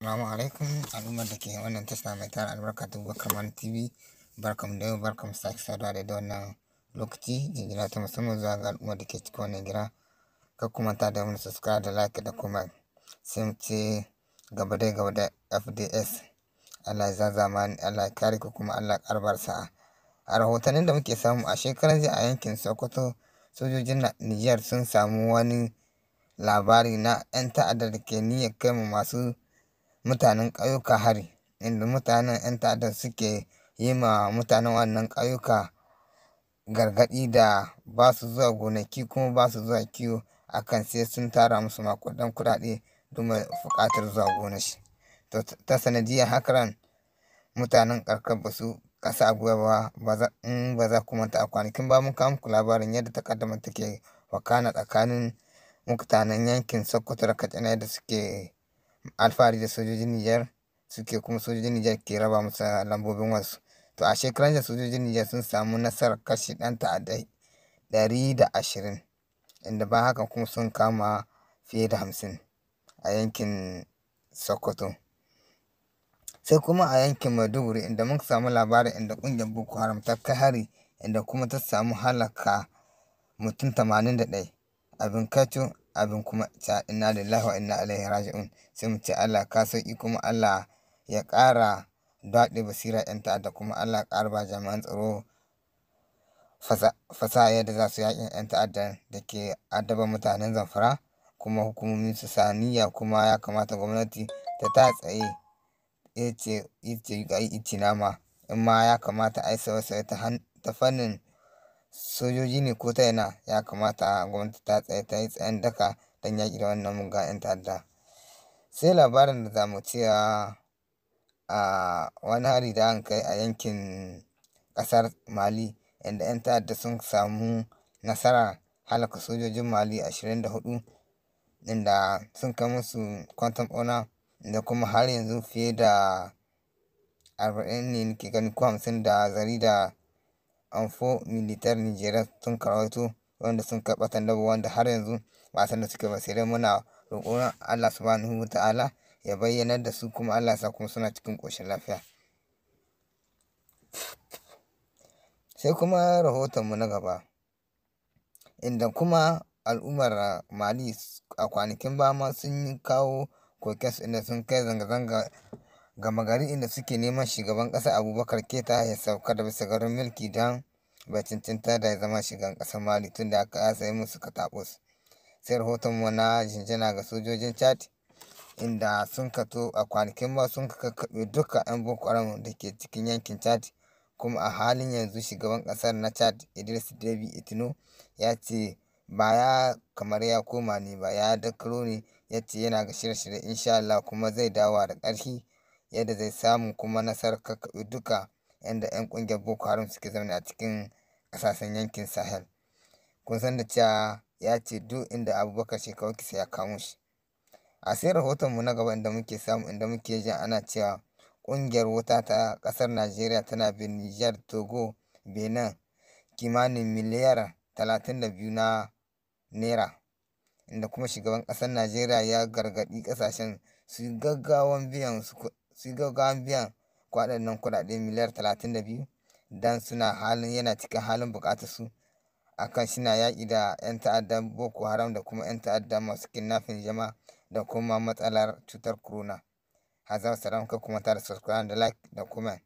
Salamu alaikum al'umma da ke wannan tasha mai tara albarka ta Bukar Man TV barkamu da yau barkamu sake saduwa da wannan lokaci jinjina ta musamman zuwa ga al'ummar da ke cikin wannan gida ka kuma ta da mana subscribe da like da kuma sai mu ce gaba dai gaba da FDS Allah ya zama Allah ya kare ku kuma Allah ya karbar sa'a a rahotannin da muke samu a shekaran jiya a yankin Sokoto sojojin Nijar sun samu wani labari na 'yan ta'adda da ke niyyar kai mu masu mutanen ƙauyuka hari inda mutanen 'yan ta'adda suke yi ma mutanen wannan ƙauyuka gargaɗi da ba su zuwa gonaki kuma ba su zuwa kiwo akan sai sun tara musu makudan kuɗaɗe domin buƙatar zuwa gonashi to ta sanadiyar hakaran mutanen ƙarƙar ba su ƙasa a ba in ba za ku manta kwanakin ba mun kawo muku labarin yadda takaddama take wakana tsakanin mutanen yankin sokoto da katsina da suke alfahari da sojojin Nijar suke kuma sojojin Nijar ke raba masa lambobin wasu. To a shekaran da sojojin Nijar sun samu nasarar kashe ɗan ta'adda ɗari da ashirin inda ba haka kuma sun kama fiye da hamsin a yankin Sokoto. Sai kuma a yankin Maiduguri inda muka samu labarin inda ƙungiyar Boko Haram ta kai hari inda kuma ta samu halaka mutum tamanin da ɗaya. Abin kacu abin kuma ta inna lillahi wa inna ilaihi raji'un sai mu ce Allah ka sauki kuma Allah ya ƙara daɗe basira 'yan ta'adda kuma Allah ƙara ba jami'an tsaro fasaha yadda za su yaƙi 'yan ta'adda da ke addaba mutanen zamfara kuma hukumomin su saniya kuma ya kamata gwamnati ta ta tsaye ice ice nama in ma ya kamata a yi ta fannin sojoji ne ko ta ina ya kamata gwamnati ta tsaye ta yi tsayin daka don yaƙi da wannan mugayen 'yan ta'adda. Sai labarin da zamu cewa a wani hari da an kai a yankin ƙasar Mali inda 'yan ta'adda sun samu nasara halaka sojojin Mali 24 inda sun kai musu kwanton ɓauna da kuma har yanzu fiye da arba'in ne nake gani ko hamsin da zari da amfo militar nigeria sun karwato wanda sun karɓa sandarwa wanda har yanzu ba san da suke ba sai dai muna roƙon Allah subhanahu ta'ala ya bayyanar da su kuma Allah sa kuma suna cikin ƙoshin lafiya. Sai kuma rahotonmu na gaba, inda kuma al'ummar Mali a kwanakin bama sun kawo kokes inda sun kai zanga-zanga gama gari inda suke neman shugaban ƙasa abubakar keta ya sauka da bisa garin mulki don bai cancanta da ya zama shugaban ƙasar mali tun da aka sayi musu katabus sai rahoton mu na jinjina ga sojojin chad inda sun kato a kwanakin ba sun kakkaɓe duka 'yan boko haram da ke cikin yankin chad kuma a halin yanzu shugaban kasar na chad idris debi itino ya ce ba ya kamar ya koma ne ba ya dakaro ne ya ce yana ga shirye-shirye insha Allah kuma zai dawo da ƙarfi yadda zai samu kuma nasarar kakkaɓe duka yadda 'yan ƙungiyar boko haram suke zaune a cikin ƙasashen yankin sahel kun san da cewa ya ce duk inda abubakar shekaru kisa ya kamo shi a sai rahoton mu na gaba inda muke samu inda muke jin ana cewa ƙungiyar wuta ta ƙasar najeriya tana bin niger togo benin kimanin miliyar talatin da biyu na naira inda kuma shugaban ƙasar najeriya ya gargaɗi ƙasashen su gaggawan biyan su su gaggawan biyan waɗannan kuɗaɗe miliyar talatin da biyu dan suna halin yana cikin halin buƙatar su akan suna yaƙi da 'yan ta'addan boko haram da kuma 'yan ta'addan masu kinnafin jama da kuma matsalar cutar corona hazar salam kuma tare subscribe da like da comment